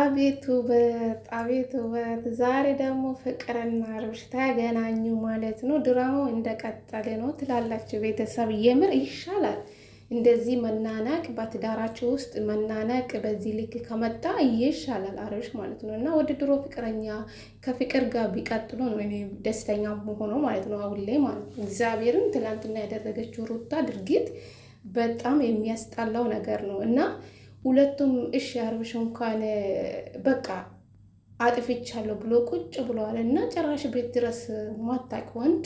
አቤት ውበት አቤት ውበት! ዛሬ ደግሞ ፍቅርና አብርሽ ተገናኙ ማለት ነው። ድራማው እንደቀጠለ ነው ትላላችሁ ቤተሰብ። የምር ይሻላል እንደዚህ መናናቅ፣ በትዳራችሁ ውስጥ መናናቅ በዚህ ልክ ከመጣ ይሻላል አብርሽ ማለት ነው። እና ወደ ድሮ ፍቅረኛ ከፍቅር ጋር ቢቀጥሉ ነው እኔ ደስተኛ መሆኖ ማለት ነው። አሁን ላይ ማለት ነው። እግዚአብሔርን ትላንትና ያደረገችው ሩታ ድርጊት በጣም የሚያስጠላው ነገር ነው እና ሁለቱም እሺ አርብሽ እንኳን በቃ አጥፍቻለሁ ብሎ ቁጭ ብለዋል። እና ጭራሽ ቤት ድረስ ማታቅ ወንድ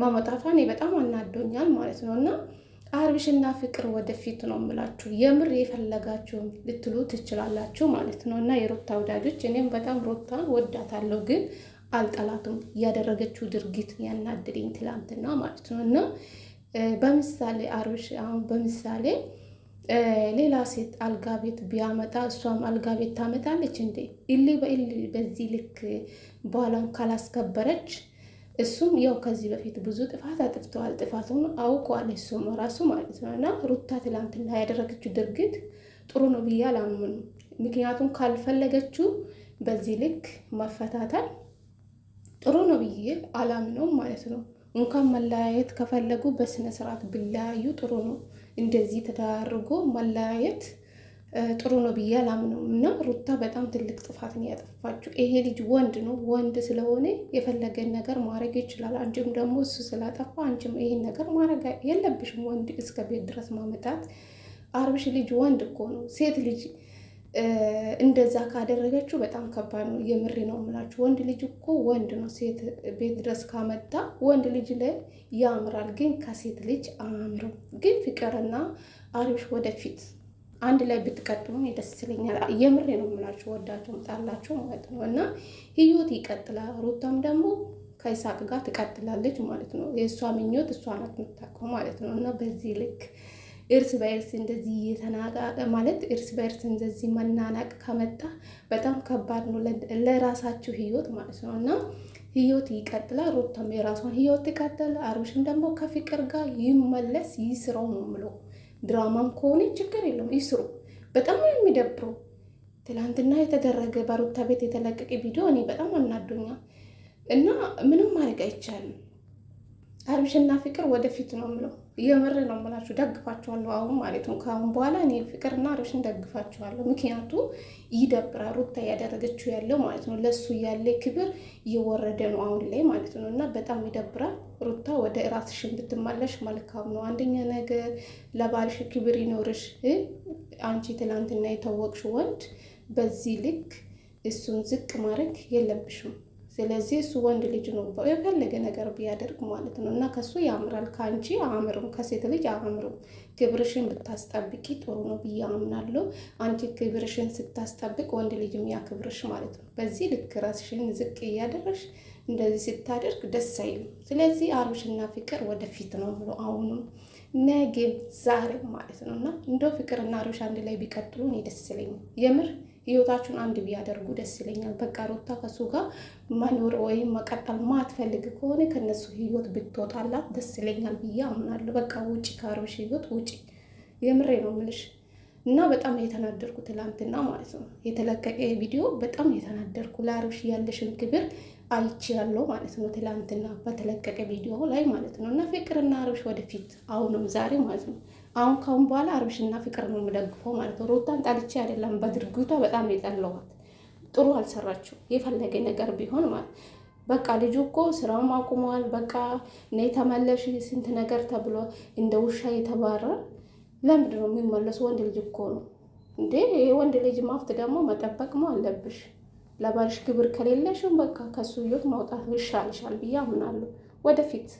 ማመጣቷ እኔ በጣም አናዶኛል ማለት ነው። እና አርብሽና ፍቅር ወደፊት ነው የምላችሁ። የምር የፈለጋችሁ ልትሉ ትችላላችሁ ማለት ነው። እና የሮታ ወዳጆች፣ እኔም በጣም ሮታ ወዳታለሁ፣ ግን አልጠላቱም። ያደረገችው ድርጊት ያናደደኝ ትላንትና ማለት ነው። እና በምሳሌ አርብሽ አሁን በምሳሌ ሌላ ሴት አልጋ ቤት ቢያመጣ እሷም አልጋ ቤት ታመጣለች እንዴ? ኢሊ በኢሊ በዚህ ልክ በኋላም ካላስከበረች እሱም ያው ከዚህ በፊት ብዙ ጥፋት አጥፍተዋል። ጥፋቱን አውቋል እሱም ራሱ ማለት ነው። እና ሩታ ትላንትና ያደረገችው ድርጊት ጥሩ ነው ብዬ አላምንም። ምክንያቱም ካልፈለገችው በዚህ ልክ መፈታተል ጥሩ ነው ብዬ አላምነውም ማለት ነው። እንኳን መለያየት ከፈለጉ በስነስርዓት ቢለያዩ ጥሩ ነው። እንደዚህ ተደራርጎ መለያየት ጥሩ ነው ብዬ አላምነው እና ሩታ በጣም ትልቅ ጥፋት ነው ያጠፋችው። ይሄ ልጅ ወንድ ነው። ወንድ ስለሆነ የፈለገን ነገር ማድረግ ይችላል። አንቺም ደግሞ እሱ ስላጠፋ አንቺም ይሄን ነገር ማድረግ የለብሽም። ወንድ እስከ ቤት ድረስ ማመጣት አርብሽ ልጅ ወንድ እኮ ነው ሴት ልጅ እንደዛ ካደረገችው በጣም ከባድ ነው። የምሬ ነው የምላችሁ። ወንድ ልጅ እኮ ወንድ ነው። ሴት ቤት ድረስ ካመጣ ወንድ ልጅ ላይ ያምራል፣ ግን ከሴት ልጅ አያምርም። ግን ፍቅርና አብርሽ ወደፊት አንድ ላይ ብትቀጥሉ ደስ ይለኛል። የምሬ ነው የምላችሁ። ወዳችሁም ጣላችሁ ማለት ነው እና ህይወት ይቀጥላል። ሩታም ደግሞ ከይሳቅ ጋር ትቀጥላለች ማለት ነው። የእሷ ምኞት እሷ ናት የምታውቀው ማለት ነው እና በዚህ ልክ እርስ በእርስ እንደዚህ እየተናቀቀ ማለት እርስ በእርስ እንደዚህ መናናቅ ከመጣ በጣም ከባድ ነው ለራሳችሁ ህይወት ማለት ነው እና ህይወት ይቀጥላል። ሩታም የራሷን ህይወት ይቀጥል፣ አብርሽም ደግሞ ከፍቅር ጋር ይመለስ። ይስረው ነው የምለው። ድራማም ከሆነ ችግር የለውም ይስሩ። በጣም ነው የሚደብረው። ትላንትና የተደረገ በሩታ ቤት የተለቀቀ ቪዲዮ እኔ በጣም አናዶኛል እና ምንም ማድረግ አይቻልም። አብርሽና ፍቅር ወደፊት ነው የምለው። የምር ነው የምላችሁ፣ ደግፋችኋለሁ። አሁን ማለት ነው ከአሁን በኋላ እኔ ፍቅርና አብርሽን ደግፋችኋለሁ። ምክንያቱ ይደብራ ሩታ እያደረገችው ያለው ማለት ነው። ለእሱ ያለ ክብር እየወረደ ነው አሁን ላይ ማለት ነው። እና በጣም ይደብራ ሩታ ወደ ራስሽን ብትመለሽ መልካም ነው። አንደኛ ነገር ለባልሽ ክብር ይኖርሽ። አንቺ ትላንትና የታወቅሽ ወንድ በዚህ ልክ እሱን ዝቅ ማድረግ የለብሽም። ስለዚህ እሱ ወንድ ልጅ ነው የፈለገ ነገር ቢያደርግ ማለት ነው። እና ከሱ ያምራል፣ ከአንቺ አያምርም፣ ከሴት ልጅ አያምርም። ክብርሽን ብታስጠብቂ ጥሩ ነው ብዬ አምናለሁ። አንቺ ክብርሽን ስታስጠብቅ ወንድ ልጅ ያክብርሽ ማለት ነው። በዚህ ልክ ራስሽን ዝቅ እያደረሽ እንደዚህ ስታደርግ ደስ አይልም። ስለዚህ አብርሽና ፍቅር ወደፊት ነው ብሎ አሁንም ነገ ዛሬ ማለት ነው እና እንደው ፍቅርና አብርሽ አንድ ላይ ቢቀጥሉ እኔ ደስ ይለኛል የምር ህይወታችሁን አንድ ቢያደርጉ ደስ ይለኛል። በቃ ሩታ ከሱ ጋር መኖር ወይም መቀጠል ማትፈልግ ከሆነ ከነሱ ህይወት ብትወጣላት ደስ ይለኛል ብዬ አምናለሁ። በቃ ውጭ ከአብርሽ ህይወት ውጭ። የምሬ ነው ምልሽ እና በጣም የተናደርኩ ትላንትና ማለት ነው የተለቀቀ ቪዲዮ በጣም የተናደርኩ ለአብርሽ ያለሽን ክብር አይቼ ያለው ማለት ነው። ትላንትና በተለቀቀ ቪዲዮ ላይ ማለት ነው። እና ፍቅርና አብርሽ ወደፊት አሁንም ዛሬ ማለት ነው። አሁን ካሁን በኋላ አብርሽና ፍቅር ነው የምደግፈው ማለት ነው። ሩታን ጣልቼ አይደለም፣ በድርጊቷ በጣም የጠለዋት ጥሩ አልሰራችው የፈለገ ነገር ቢሆን ማለት በቃ ልጁ እኮ ስራውም አቁመዋል። በቃ እኔ ተመለሽ ስንት ነገር ተብሎ እንደ ውሻ የተባረ ለምንድን ነው የሚመለሱ? ወንድ ልጅ እኮ ነው እንዴ! ወንድ ልጅ ማፍት ደግሞ መጠበቅ አለብሽ። ለባልሽ ክብር ከሌለሽም በቃ ከሱ ህይወት መውጣት ይሻልሻል ብዬ አምናለሁ ወደፊት